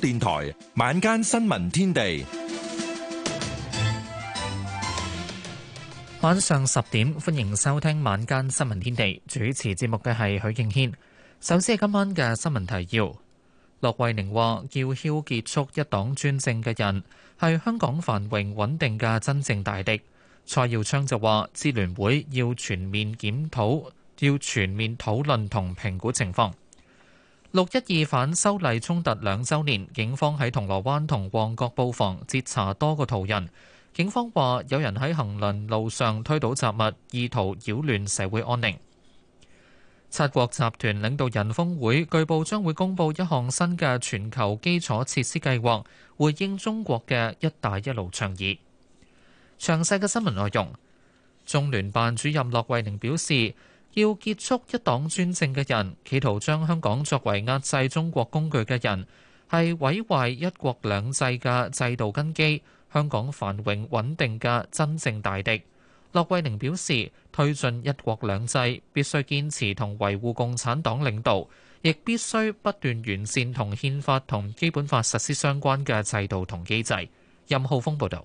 電台晚，晚間新聞天地，晚上十點歡迎收聽晚間新聞天地。主持節目嘅係許敬軒。首先係今晚嘅新聞提要。駱惠寧話：叫囂結束一黨專政嘅人，係香港繁榮穩定嘅真正大敵。蔡耀昌就話：支聯會要全面檢討，要全面討論同評估情況。六一二反修例衝突兩週年，警方喺銅鑼灣同旺角布防，截查多個途人。警方話有人喺行麟路上推倒雜物，意圖擾亂社會安寧。七國集團領導人峰會據報將會公布一項新嘅全球基礎設施計劃，回應中國嘅「一帶一路」倡議。詳細嘅新聞內容，中聯辦主任駱惠寧表示。要結束一黨專政嘅人，企圖將香港作為壓制中國工具嘅人，係毀壞一國兩制嘅制度根基、香港繁榮穩定嘅真正大敵。駱惠寧表示，推進一國兩制必須堅持同維護共產黨領導，亦必須不斷完善同憲法同基本法實施相關嘅制度同機制。任浩峰報道。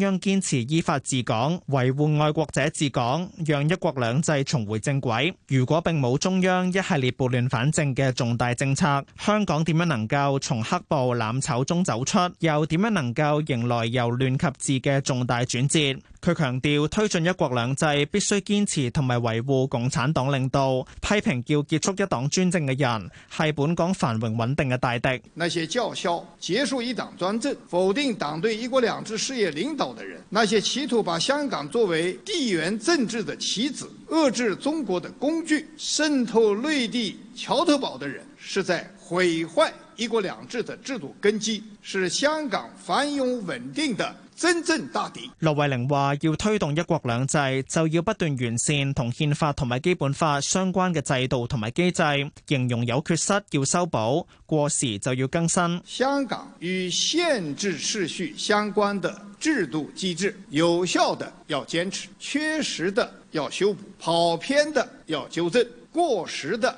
央堅持依法治港，維護愛國者治港，讓一國兩制重回正軌。如果並冇中央一系列撥亂反正嘅重大政策，香港點樣能夠從黑暴攬炒中走出？又點樣能夠迎來由亂及治嘅重大轉折？佢強調推進一國兩制必須堅持同埋維護共產黨領導，批評要結束一黨專政嘅人係本港繁榮穩定嘅大敵。那些叫囂結束一黨專政、否定黨對一國兩制事業領導嘅人，那些企圖把香港作為地緣政治嘅棋子、遏制中國嘅工具、滲透內地橋頭堡的人，是在毀壞一國兩制的制度根基，是香港繁榮穩定的。真正大底。羅慧玲話：要推動一國兩制，就要不斷完善同憲法同埋基本法相關嘅制度同埋機制，形容有缺失要修補，過時就要更新。香港與憲制秩序相關的制度機制，有效的要堅持，缺失的要修補，跑偏的要糾正，過時的。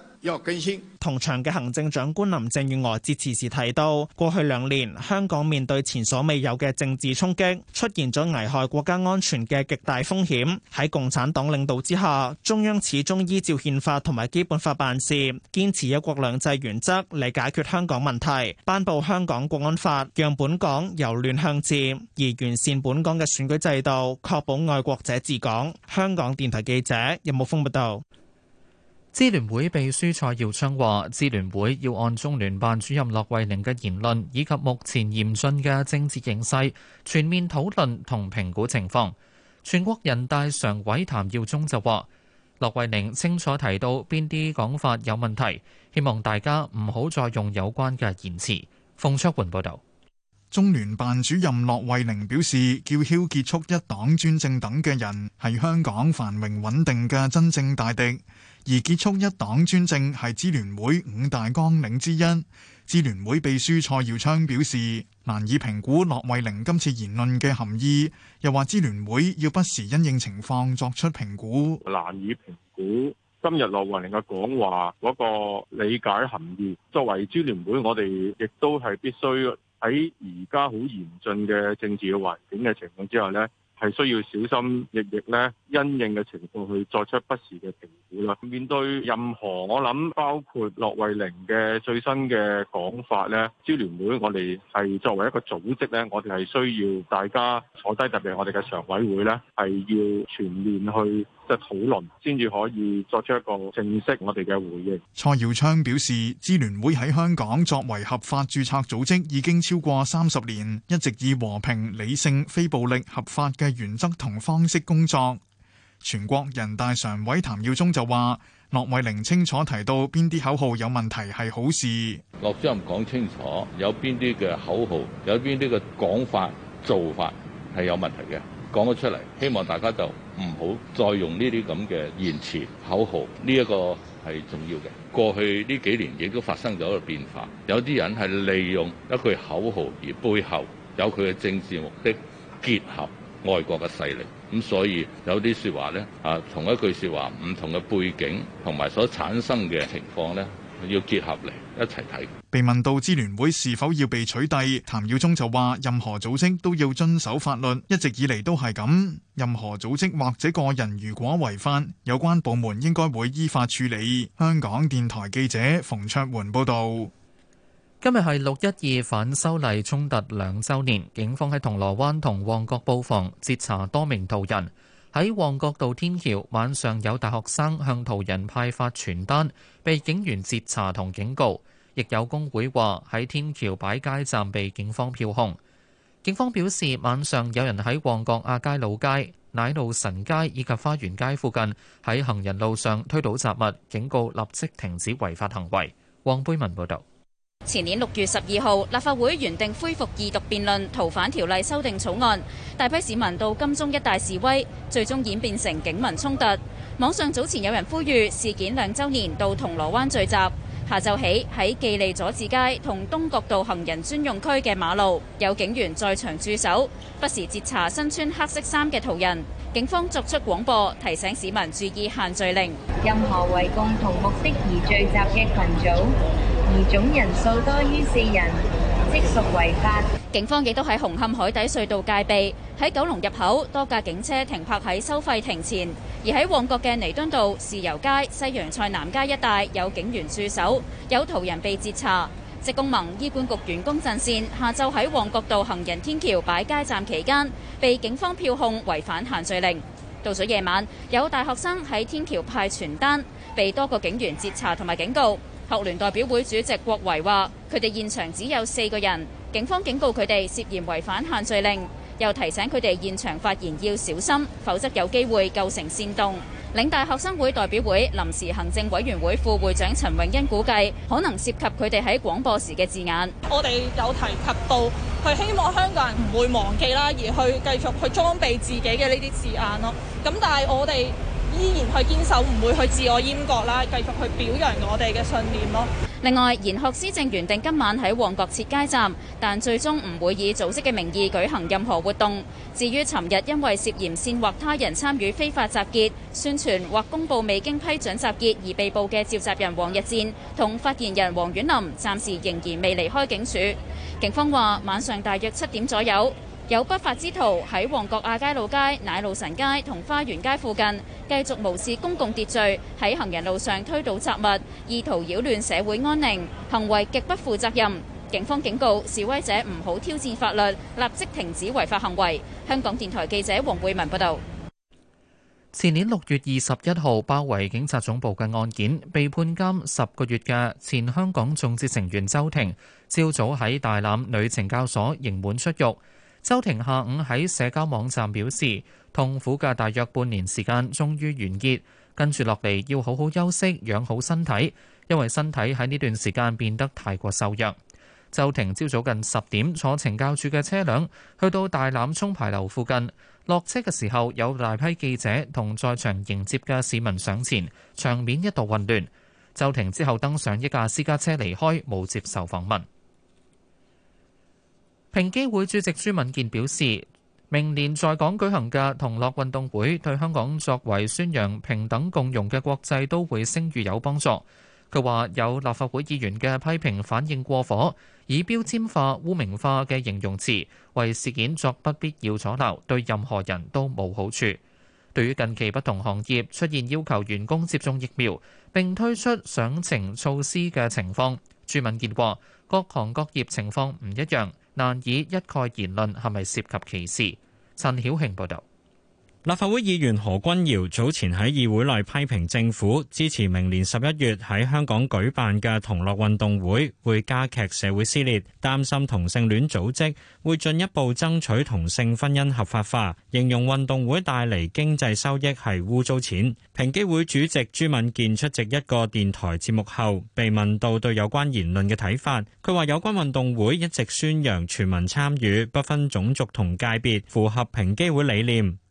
同場嘅行政長官林鄭月娥致辭時提到，過去兩年香港面對前所未有嘅政治衝擊，出現咗危害國家安全嘅極大風險。喺共產黨領導之下，中央始終依照憲法同埋基本法辦事，堅持一國兩制原則嚟解決香港問題，頒布香港國安法，讓本港由亂向治，而完善本港嘅選舉制度，確保愛國者治港。香港電台記者任慕峰報道。支聯會秘書蔡耀昌話：支聯會要按中聯辦主任駱惠寧嘅言論，以及目前嚴峻嘅政治形勢，全面討論同評估情況。全國人大常委譚耀宗就話：駱惠寧清楚提到邊啲講法有問題，希望大家唔好再用有關嘅言辭。馮卓煥報道。中聯辦主任駱惠寧表示，叫囂結束一黨專政等嘅人，係香港繁榮穩定嘅真正大敵。而結束一黨專政係支聯會五大綱領之一。支聯會秘書蔡耀昌表示，難以評估駱惠寧今次言論嘅含義，又話支聯會要不時因應情況作出評估。難以評估今日駱惠寧嘅講話嗰、那個理解含義。作為支聯會，我哋亦都係必須喺而家好嚴峻嘅政治嘅環境嘅情況之下咧。係需要小心翼翼咧，因應嘅情況去作出不時嘅評估啦。面對任何，我諗包括駱惠寧嘅最新嘅講法咧，招聯會我哋係作為一個組織咧，我哋係需要大家坐低，特別我哋嘅常委會咧，係要全面去。就討論先至可以作出一個正式我哋嘅回應。蔡耀昌表示，支聯會喺香港作為合法註冊組織已經超過三十年，一直以和平、理性、非暴力、合法嘅原則同方式工作。全國人大常委譚耀宗就話，駱惠寧清楚提到邊啲口號有問題係好事。駱主任講清楚有邊啲嘅口號，有邊啲嘅講法做法係有問題嘅。講咗出嚟，希望大家就唔好再用呢啲咁嘅言辭口號，呢一個係重要嘅。過去呢幾年亦都發生咗一個變化，有啲人係利用一句口號而背後有佢嘅政治目的，結合外國嘅勢力。咁所以有啲説話呢，啊，同一句説話唔同嘅背景同埋所產生嘅情況呢，要結合嚟一齊睇。被問到支聯會是否要被取締，譚耀宗就話：任何組織都要遵守法律，一直以嚟都係咁。任何組織或者個人如果違反，有關部門應該會依法處理。香港電台記者馮卓桓報導。今日係六一二反修例衝突兩週年，警方喺銅鑼灣同旺角布防，截查多名途人。喺旺角道天橋晚上有大學生向途人派發傳單，被警員截查同警告。亦有工會話喺天橋擺街站被警方票控。警方表示，晚上有人喺旺角亞皆老街、奶路臣街以及花園街附近喺行人路上推倒雜物，警告立即停止違法行為。黃貝文報道。前年六月十二號，立法會原定恢復二讀辯論《逃犯條例》修訂草案，大批市民到金鐘一帶示威，最終演變成警民衝突。網上早前有人呼籲事件兩週年到銅鑼灣聚集。下晝起喺記利佐治街同東角道行人專用區嘅馬路有警員在場駐守，不時截查身穿黑色衫嘅途人。警方作出廣播，提醒市民注意限聚令。任何為共同目的而聚集嘅群組，而總人數多於四人。即屬違法。警方亦都喺紅磡海底隧道戒備，喺九龍入口多架警車停泊喺收費亭前，而喺旺角嘅彌敦道、豉油街、西洋菜南街一帶有警員駐守，有途人被截查。職工盟醫管局員工陣線下晝喺旺角道行人天橋擺街站期間，被警方票控違反限聚令。到咗夜晚，有大學生喺天橋派傳單，被多個警員截查同埋警告。學聯代表會主席郭維話，佢哋現場只有四個人，警方警告佢哋涉嫌違反限聚令，又提醒佢哋現場發言要小心，否則有機會構成煽動。領大學生會代表會臨時行政委員會副會長陳永欣估計，可能涉及佢哋喺廣播時嘅字眼。我哋有提及到，佢希望香港人唔會忘記啦，而去繼續去裝備自己嘅呢啲字眼咯。咁但係我哋。依然去堅守，唔會去自我閹割啦，繼續去表揚我哋嘅信念咯。另外，賢學思政原定今晚喺旺角設街站，但最終唔會以組織嘅名義舉行任何活動。至於尋日因為涉嫌煽惑他人參與非法集結、宣傳或公布未經批准集結而被捕嘅召集人黃逸戰同發言人黃婉林，暫時仍然未離開警署。警方話晚上大約七點左右。有不法之徒喺旺角亞皆老街、奶路臣街同花園街附近繼續無視公共秩序，喺行人路上推倒雜物，意圖擾亂社會安寧，行為極不負責任。警方警告示威者唔好挑戰法律，立即停止違法行為。香港電台記者黃慧文報道。前年六月二十一號包圍警察總部嘅案件，被判監十個月嘅前香港眾志成員周庭，朝早喺大欖女懲教所刑滿出獄。周庭下午喺社交網站表示，痛苦嘅大約半年時間終於完結，跟住落嚟要好好休息，養好身體，因為身體喺呢段時間變得太過瘦弱。周庭朝早近十點坐懲教署嘅車輛去到大欖涌牌樓附近，落車嘅時候有大批記者同在場迎接嘅市民上前，場面一度混亂。周庭之後登上一架私家車離開，冇接受訪問。平機會主席朱敏健表示，明年在港舉行嘅同樂運動會對香港作為宣揚平等共融嘅國際都會聲譽有幫助。佢話：有立法會議員嘅批評反應過火，以標籤化、污名化嘅形容詞為事件作不必要阻撓，對任何人都冇好處。對於近期不同行業出現要求員工接種疫苗並推出上程措施嘅情況，朱敏健話：各行各業情況唔一樣。難以一概言論係咪涉及歧視？陳曉慶報導。立法會議員何君堯早前喺議會內批評政府支持明年十一月喺香港舉辦嘅同樂運動會，會加劇社會撕裂，擔心同性戀組織會進一步爭取同性婚姻合法化，形容運動會帶嚟經濟收益係污糟錢。平機會主席朱敏健出席一個電台節目後，被問到對有關言論嘅睇法，佢話有關運動會一直宣揚全民參與，不分種族同界別，符合平機會理念。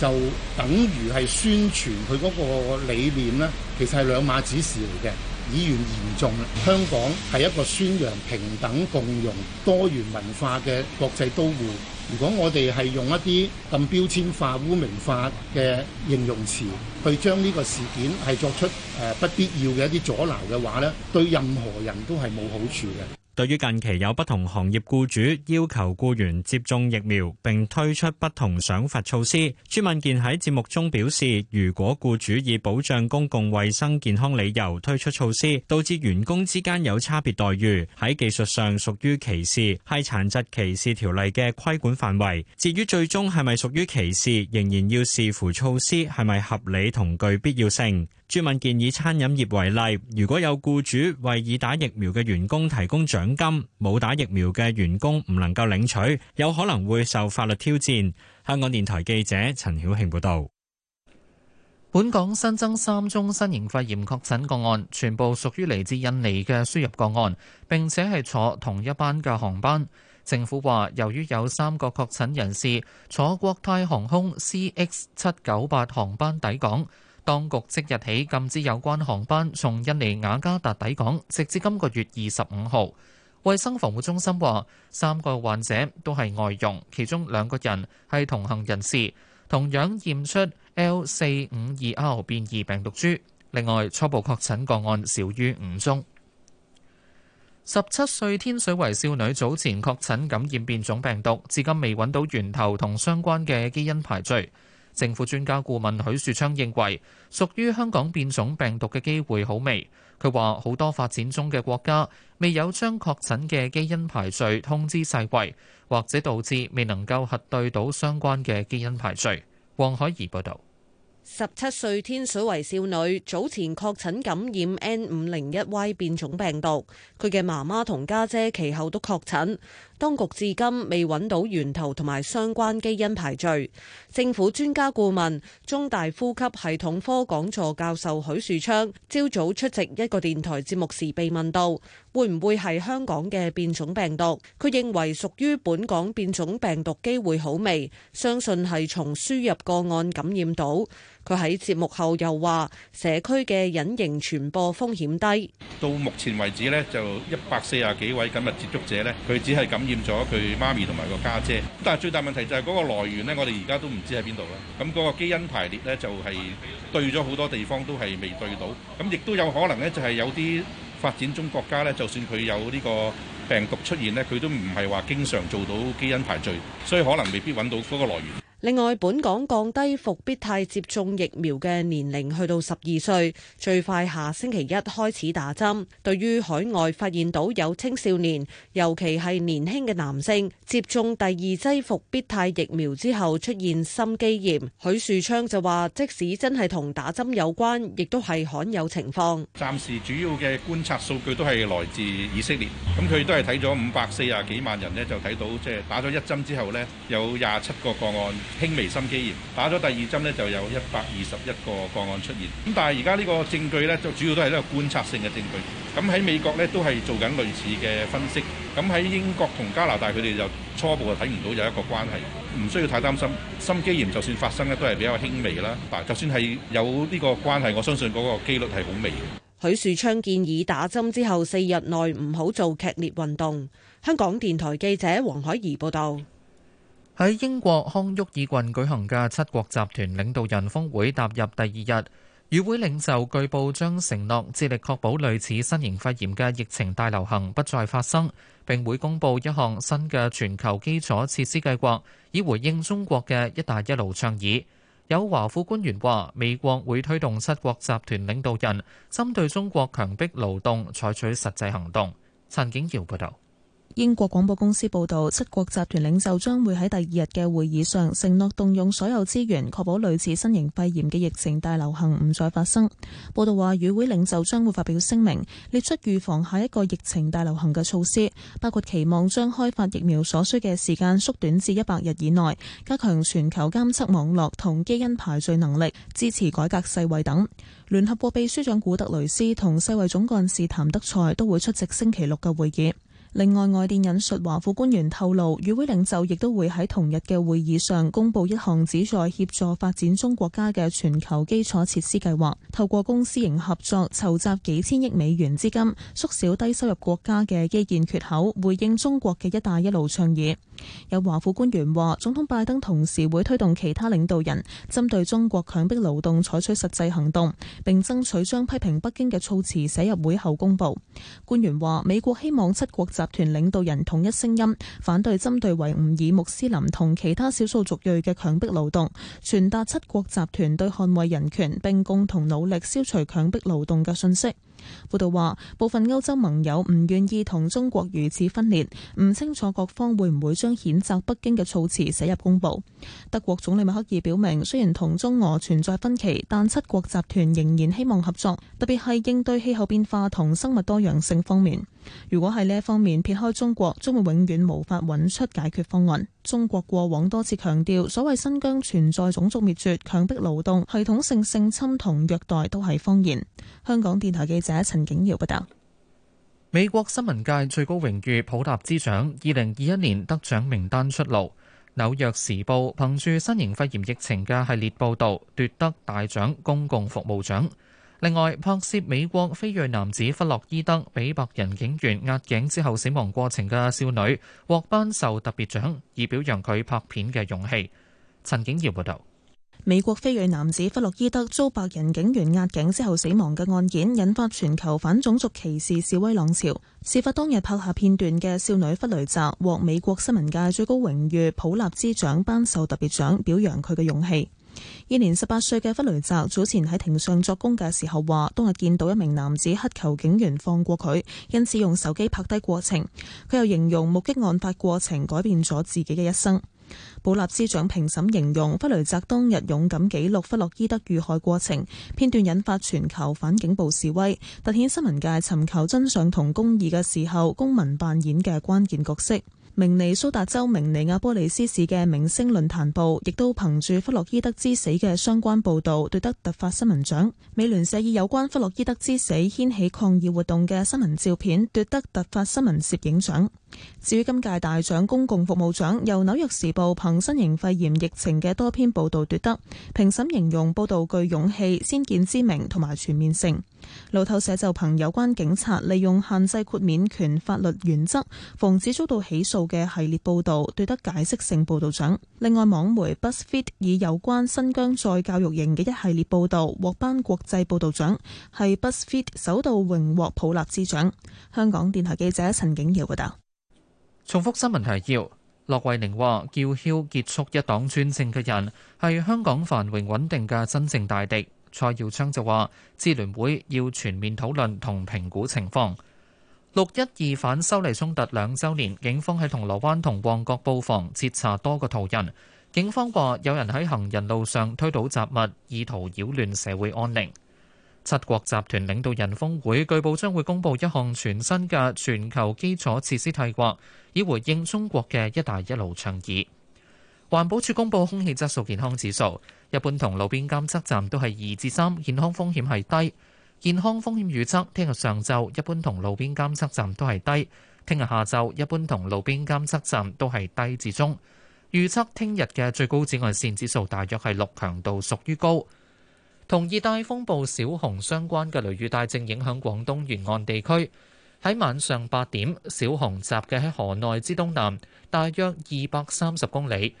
就等於係宣傳佢嗰個理念呢，其實係兩碼子事嚟嘅。議員言重，香港係一個宣揚平等共融、多元文化嘅國際都會。如果我哋係用一啲咁標籤化、污名化嘅形容詞去將呢個事件係作出誒不必要嘅一啲阻撓嘅話呢，對任何人都係冇好處嘅。對於近期有不同行業僱主要求僱員接種疫苗並推出不同賞罰措施，朱敏健喺節目中表示，如果僱主以保障公共衞生健康理由推出措施，導致員工之間有差別待遇，喺技術上屬於歧視，係殘疾歧視條例嘅規管範圍。至於最終係咪屬於歧視，仍然要視乎措施係咪合理同具必要性。朱敏健以餐飲業為例，如果有僱主為已打疫苗嘅員工提供獎，獎金，冇打疫苗嘅員工唔能夠領取，有可能會受法律挑戰。香港電台記者陳曉慶報道，本港新增三宗新型肺炎確診個案，全部屬於嚟自印尼嘅輸入個案，並且係坐同一班嘅航班。政府話，由於有三個確診人士坐國泰航空 CX 七九八航班抵港。當局即日起禁止有關航班從印尼雅加達抵港，直至今個月二十五號。衛生防護中心話，三個患者都係外傭，其中兩個人係同行人士，同樣驗出 L 四五二 R 變異病毒株。另外，初步確診個案少於五宗。十七歲天水圍少女早前確診感染變種病毒，至今未揾到源頭同相關嘅基因排序。政府專家顧問許樹昌認為，屬於香港變種病毒嘅機會好微。佢話：好多發展中嘅國家未有將確診嘅基因排序通知世衛，或者導致未能夠核對到相關嘅基因排序。黃海怡報導。十七歲天水圍少女早前確診感染 N501Y 變種病毒，佢嘅媽媽同家姐其後都確診，當局至今未揾到源頭同埋相關基因排序。政府專家顧問、中大呼吸系統科講座教授許樹昌，朝早出席一個電台節目時被問到。會唔會係香港嘅變種病毒？佢認為屬於本港變種病毒機會好微，相信係從輸入個案感染到。佢喺節目後又話，社區嘅隱形傳播風險低。到目前為止呢，就一百四十幾位緊密接觸者呢，佢只係感染咗佢媽咪同埋個家姐。但係最大問題就係嗰個來源呢，我哋而家都唔知喺邊度啦。咁嗰個基因排列呢就係對咗好多地方都係未對到。咁亦都有可能呢，就係有啲。發展中國家咧，就算佢有呢個病毒出現咧，佢都唔係話經常做到基因排序，所以可能未必揾到個來源。另外，本港降低復必泰接種疫苗嘅年齡去到十二歲，最快下星期一開始打針。對於海外發現到有青少年，尤其係年輕嘅男性接種第二劑復必泰疫苗之後出現心肌炎，許樹昌就話：即使真係同打針有關，亦都係罕有情況。暫時主要嘅觀察數據都係來自以色列，咁佢都係睇咗五百四十幾萬人咧，就睇到即係打咗一針之後咧，有廿七個個案。輕微心肌炎，打咗第二針呢，就有一百二十一個個案出現。咁但係而家呢個證據呢，就主要都係呢個觀察性嘅證據。咁喺美國呢，都係做緊類似嘅分析。咁喺英國同加拿大佢哋就初步就睇唔到有一個關係，唔需要太擔心。心肌炎就算發生呢，都係比較輕微啦。嗱，就算係有呢個關係，我相信嗰個機率係好微嘅。許樹昌建議打針之後四日內唔好做劇烈運動。香港電台記者黃海怡報導。喺英國康沃爾郡舉行嘅七國集團領導人峰會踏入第二日，與會領袖據報將承諾致力確保類似新型肺炎嘅疫情大流行不再發生，並會公布一項新嘅全球基礎設施計劃，以回應中國嘅「一帶一路」倡議。有華府官員話，美國會推動七國集團領導人針對中國強迫勞動採取實際行動。陳景堯報道。英國廣播公司報道，七國集團領袖將會喺第二日嘅會議上承諾動用所有資源，確保類似新型肺炎嘅疫情大流行唔再發生。報道話，與會領袖將會發表聲明，列出預防下一個疫情大流行嘅措施，包括期望將開發疫苗所需嘅時間縮短至一百日以內，加強全球監測網絡同基因排序能力，支持改革世衛等。聯合國秘書長古特雷斯同世衛總幹事譚德賽都會出席星期六嘅會議。另外，外電引述華府官員透露，與會領袖亦都會喺同日嘅會議上公佈一項旨在協助發展中國家嘅全球基礎設施計劃，透過公私營合作籌集幾千億美元資金，縮小低收入國家嘅基建缺口，回應中國嘅「一帶一路」倡議。有華府官員話，總統拜登同時會推動其他領導人針對中國強迫勞動採取實際行動，並爭取將批評北京嘅措辭寫入會後公布。官員話，美國希望七國集團領導人統一聲音，反對針對維吾爾、穆斯林同其他少數族裔嘅強迫勞動，傳達七國集團對捍衛人權並共同努力消除強迫勞動嘅信息。報道話，部分歐洲盟友唔願意同中國如此分裂，唔清楚各方會唔會將譴責北京嘅措辭寫入公報。德國總理默克爾表明，雖然同中俄存在分歧，但七國集團仍然希望合作，特別係應對氣候變化同生物多樣性方面。如果喺呢一方面撇開中國，將會永遠無法揾出解決方案。中國過往多次強調所謂新疆存在種族滅絕、強迫勞動、系統性性侵同虐待都係謊言。香港電台記者陳景耀報道。美國新聞界最高榮譽普立茲獎二零二一年得獎名單出爐，紐約時報憑住新型肺炎疫情嘅系列報道奪得大獎公共服務獎。另外，拍攝美國非裔男子弗洛伊德被白人警員壓頸之後死亡過程嘅少女獲頒授特別獎，以表揚佢拍片嘅勇氣。陳景耀報導，美國非裔男子弗洛伊德遭白人警員壓頸之後死亡嘅案件，引發全球反種族歧視示威浪潮。事發當日拍下片段嘅少女弗雷澤，獲美國新聞界最高榮譽普立茲獎頒授特別獎，表揚佢嘅勇氣。現年十八歲嘅弗雷澤早前喺庭上作供嘅時候話，當日見到一名男子乞求警員放過佢，因此用手機拍低過程。佢又形容目擊案發過程改變咗自己嘅一生。普立茲獎評審形容弗雷澤當日勇敢紀錄弗洛伊德遇害過程片段，引發全球反警暴示威，凸顯新聞界尋求真相同公義嘅時候，公民扮演嘅關鍵角色。明尼蘇達州明尼亞波利斯市嘅《明星論壇報》亦都憑住弗洛伊德之死嘅相關報道奪得突發新聞獎。美聯社以有關弗洛伊德之死掀起抗議活動嘅新聞照片奪得突發新聞攝影獎。至於今屆大獎公共服務獎，由《紐約時報》憑新型肺炎疫情嘅多篇報道奪得。評審形容報道具勇氣、先見之明同埋全面性。路透社就憑有關警察利用限制豁免權法律原則，防止遭到起訴。嘅系列報道奪得解釋性報道獎，另外，網媒 Buzzfeed 以有關新疆再教育營嘅一系列報道獲頒國際報道獎，係 Buzzfeed 首度榮獲普立茲獎，香港電台記者陳景瑤報導。重複新聞提要。駱惠寧話叫囂結束一黨專政嘅人係香港繁榮穩定嘅真正大敵，蔡耀昌就話支聯會要全面討論同評估情況。六一二反修例衝突兩週年，警方喺銅鑼灣同旺角布防，截查多個途人。警方話有人喺行人路上推倒雜物，意圖擾亂社會安寧。七國集團領導人峰會據報將會公布一項全新嘅全球基礎設施計劃，以回應中國嘅「一帶一路」倡議。環保署公布空氣質素健康指數，一般同路邊監測站都係二至三，健康風險係低。健康風險預測，聽日上晝一般同路邊監測站都係低；聽日下晝一般同路邊監測站都係低至中。預測聽日嘅最高紫外線指數大約係六強度，屬於高。同熱帶風暴小熊相關嘅雷雨帶正影響廣東沿岸地區。喺晚上八點，小熊襲嘅喺河內之東南，大約二百三十公里。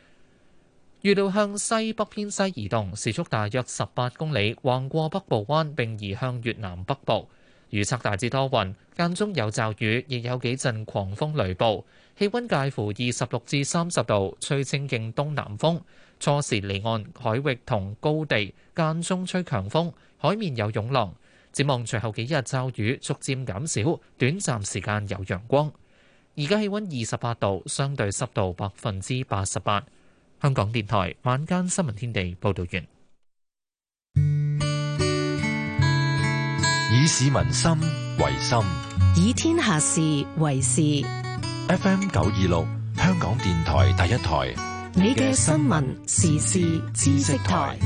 預料向西北偏西移動，時速大約十八公里，橫過北部灣並移向越南北部。預測大致多雲，間中有驟雨，亦有幾陣狂風雷暴。氣温介乎二十六至三十度，吹清勁東南風。初時離岸海域同高地間中吹強風，海面有湧浪。展望隨後幾日驟雨逐漸減少，短暫時間有陽光。而家氣温二十八度，相對濕度百分之八十八。香港電台晚間新聞天地報道完，以市民心為心，以天下事為事。FM 九二六，香港電台第一台，你嘅新聞時事知識台。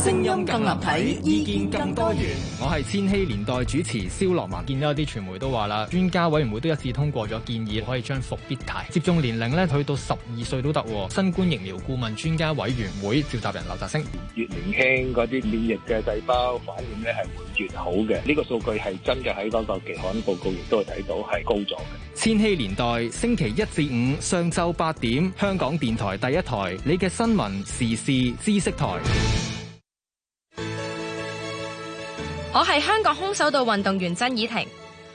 聲音更立體，意見更多元。我係千禧年代主持肖樂文。見到有啲傳媒都話啦，專家委員會都一次通過咗建議，可以將復必泰接種年齡咧去到十二歲都得。新冠疫苗顧問專家委員會召集人劉澤星：越年輕嗰啲免疫嘅細胞反應咧係會越好嘅。呢個數據係真嘅，喺嗰個期刊報告亦都係睇到係高咗嘅。千禧年代星期一至五上晝八點，香港電台第一台，你嘅新聞時事知識台。我係香港空手道運動員曾以婷，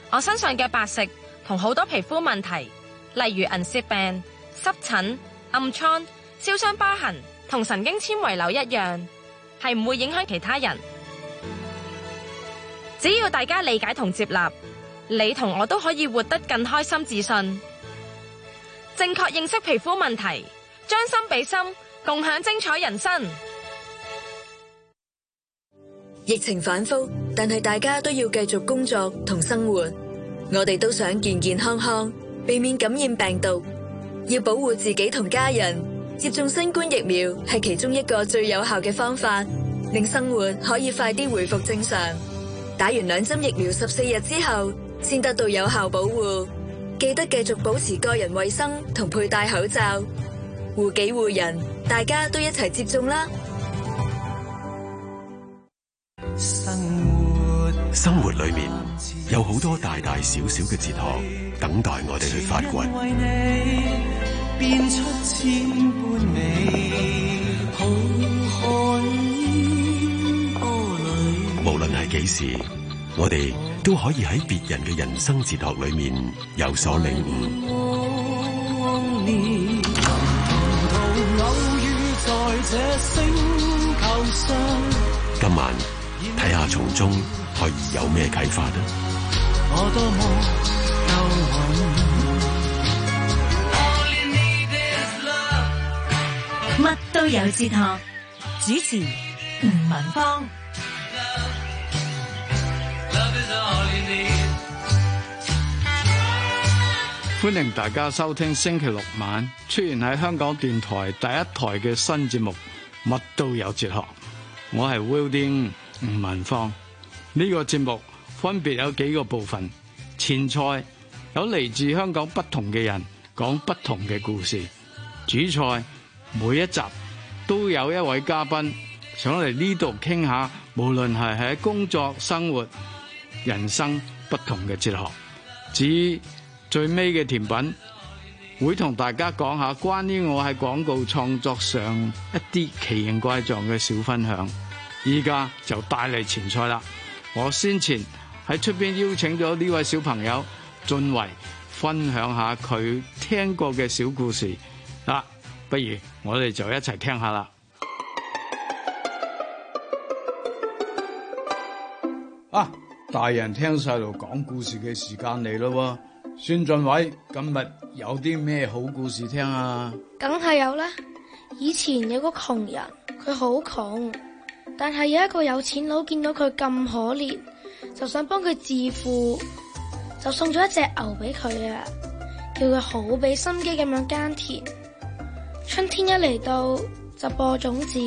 我身上嘅白色同好多皮膚問題，例如銀屑病、濕疹、暗瘡、燒傷疤痕同神經纖維瘤一樣，係唔會影響其他人。只要大家理解同接納，你同我都可以活得更開心自信。正確認識皮膚問題，將心比心，共享精彩人生。疫情反覆，但係大家都要繼續工作同生活。我哋都想健健康康，避免感染病毒，要保護自己同家人。接種新冠疫苗係其中一個最有效嘅方法，令生活可以快啲回復正常。打完兩針疫苗十四日之後，先得到有效保護。記得繼續保持個人衛生同佩戴口罩，護己護人，大家都一齊接種啦！生活裏面有好多大大小小嘅哲學，等待我哋去發掘。無論係幾時，我哋都可以喺別人嘅人生哲學裏面有所領悟。今晚睇下從中，有咩啟發？咧？乜都，都有哲學，主持吳文芳。歡迎大家收聽星期六晚出現喺香港電台第一台嘅新節目《乜都有哲學》，我係 Weldon 吳文芳。呢個節目分別有幾個部分，前菜有嚟自香港不同嘅人講不同嘅故事。主菜每一集都有一位嘉賓想嚟呢度傾下，無論係喺工作、生活、人生不同嘅哲學。至於最尾嘅甜品，會同大家講下關於我喺廣告創作上一啲奇形怪狀嘅小分享。依家就帶嚟前菜啦。我先前喺出邊邀請咗呢位小朋友俊偉分享下佢聽過嘅小故事啊，不如我哋就一齊聽下啦！啊，大人聽細路講故事嘅時間嚟咯，孫俊偉今日有啲咩好故事聽啊？梗係有啦，以前有個窮人，佢好窮。但係有一個有錢佬見到佢咁可憐，就想幫佢致富，就送咗一隻牛俾佢啊，叫佢好俾心機咁樣耕田。春天一嚟到，就播種子，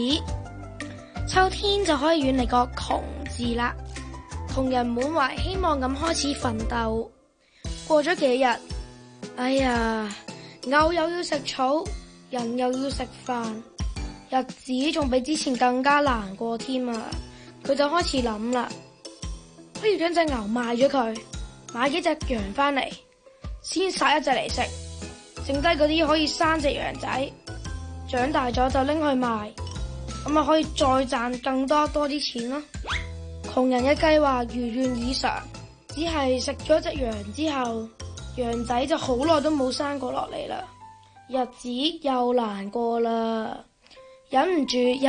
秋天就可以遠離個窮字啦，同人滿懷希望咁開始奮鬥。過咗幾日，哎呀，牛又要食草，人又要食飯。日子仲比之前更加難過添啊！佢就開始諗啦，不如將隻牛賣咗佢，買幾隻羊翻嚟，先殺一隻嚟食，剩低嗰啲可以生隻羊仔，長大咗就拎去賣，咁咪可以再賺更多多啲錢咯，啊。窮人嘅計劃如願以償，只係食咗一隻羊之後，羊仔就好耐都冇生過落嚟啦，日子又難過啦。忍唔住。